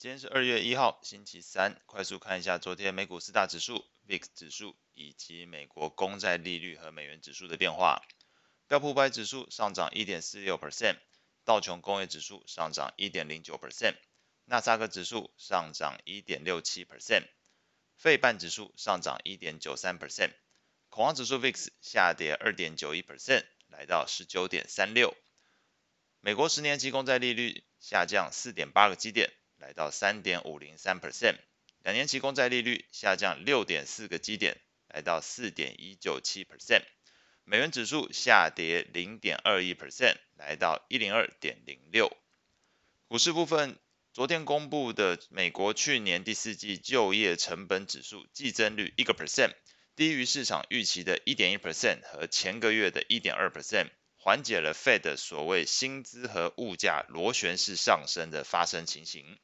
今天是二月一號，星期三。快速看一下昨天美股四大指數、VIX 指數，以及美國公債利率和美元指數的變化。標普五百指數上漲一點四六 percent，道瓊工業指數上漲一點零九 percent，那斯達克指數上漲一點六七 percent，費半指數上漲一點九三 percent，恐慌指數 VIX 下跌二點九一 percent，來到十九點三六。美國十年期公債利率下降四點八個基點。來到三點五零三 percent，兩年期公債利率下降六點四個基點，來到四點一九七 percent，美元指數下跌零點二一 percent，來到一零二點零六。股市部分，昨天公布的美國去年第四季就業成本指數季增率一個 percent，低於市場預期的一點一 percent 和前個月的一點二 percent。緩解了 Fed 所謂薪資和物價螺旋式上升的發生情形。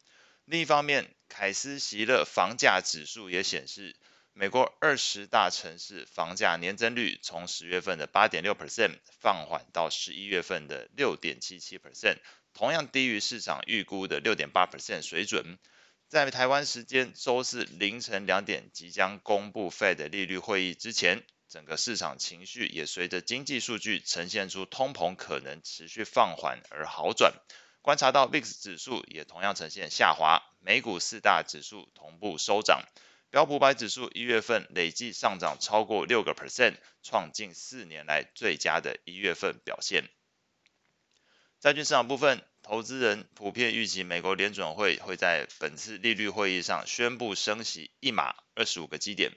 另一方面，凱斯席勒房價指數也顯示，美國二十大城市房價年增率從十月份的八點六 percent 放緩到十一月份的六點七七 percent，同樣低於市場預估的六點八 percent 水準。在台灣時間周四凌晨兩點即將公布 Fed 利率會議之前。整個市場情緒也隨着經濟數據呈現出通膨可能持續放緩而好轉，觀察到 VIX 指數也同樣呈現下滑，美股四大指數同步收漲，標普五百指數一月份累計上漲超過六個 percent，創近四年來最佳的一月份表現。債券市場部分，投資人普遍預期美國聯準會會在本次利率會議上宣布升息一碼二十五個基點。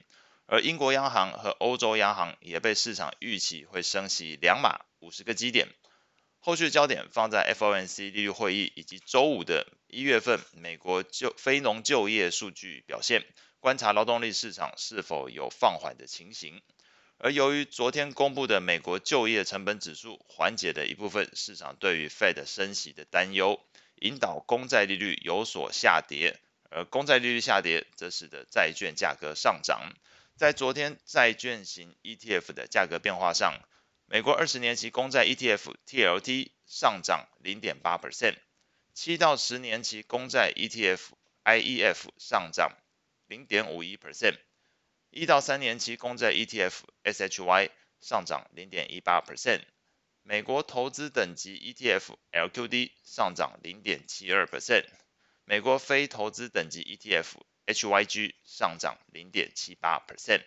而英國央行和歐洲央行也被市場預期會升息兩碼五十個基點。後續焦點放在 FOMC 利率會議以及週五的一月份美國就非農就業數據表現，觀察勞動力市場是否有放緩的情形。而由於昨天公布的美國就業成本指數緩解了一部分市場對於 FED 升息的擔憂，引導公債利率有所下跌，而公債利率下跌，則使得債券價格上漲。在昨天債券型 ETF 的價格變化上，美國二十年期公債 ETF TLT 上漲零點八 percent，七到十年期公債 ETF IEF 上漲零點五一 percent，一到三年期公債 ETF SHY 上漲零點一八 percent，美國投資等級 ETF LQD 上漲零點七二 percent，美國非投資等級 ETF。HYG 上漲零點七八 percent。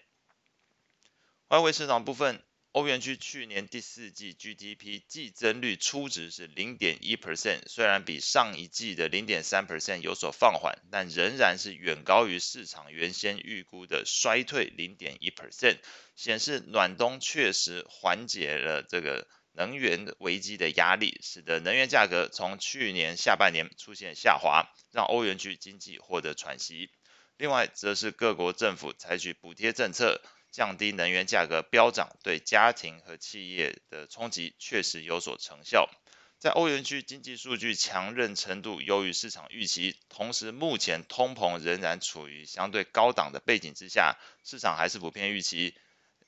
外匯市場部分，歐元區去年第四季 GDP 季增率初值是零點一 percent，雖然比上一季的零點三 percent 有所放緩，但仍然是遠高於市場原先預估的衰退零點一 percent，顯示暖冬確實緩解了這個能源危機的壓力，使得能源價格從去年下半年出現下滑，讓歐元區經濟獲得喘息。另外，則是各國政府採取補貼政策，降低能源價格飆漲對家庭和企業的衝擊，確實有所成效。在歐元區經濟數據強韌程度優於市場預期，同時目前通膨仍然處於相對高檔的背景之下，市場還是普遍預期，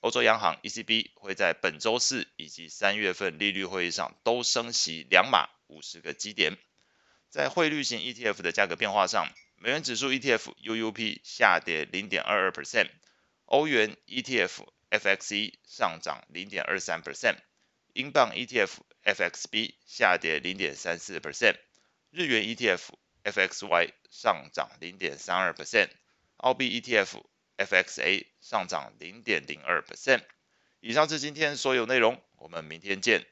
歐洲央行 ECB 會在本周四以及三月份利率會議上都升息兩碼五十個基點。在匯率型 ETF 的價格變化上，美元指數 ETF UUP 下跌0.22%，歐元 ETF FXE 上漲0.23%，英鎊 ETF FXB 下跌0.34%，日元 ETF FXY 上漲0.32%，澳幣 ETF FXA 上漲0.02%。以上是今天所有內容，我們明天見。